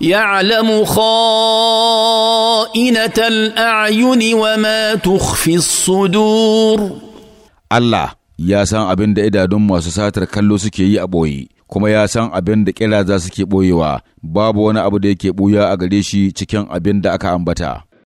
يعلم خائنة الأعين وما تخفي الصدور الله يا سان أبن دا إدا دم وسساتر كلو سكي أبوي kuma ya san abin da ƙira za suke ɓoyewa babu wani abu da yake ɓuya a gare shi cikin abin da aka ambata.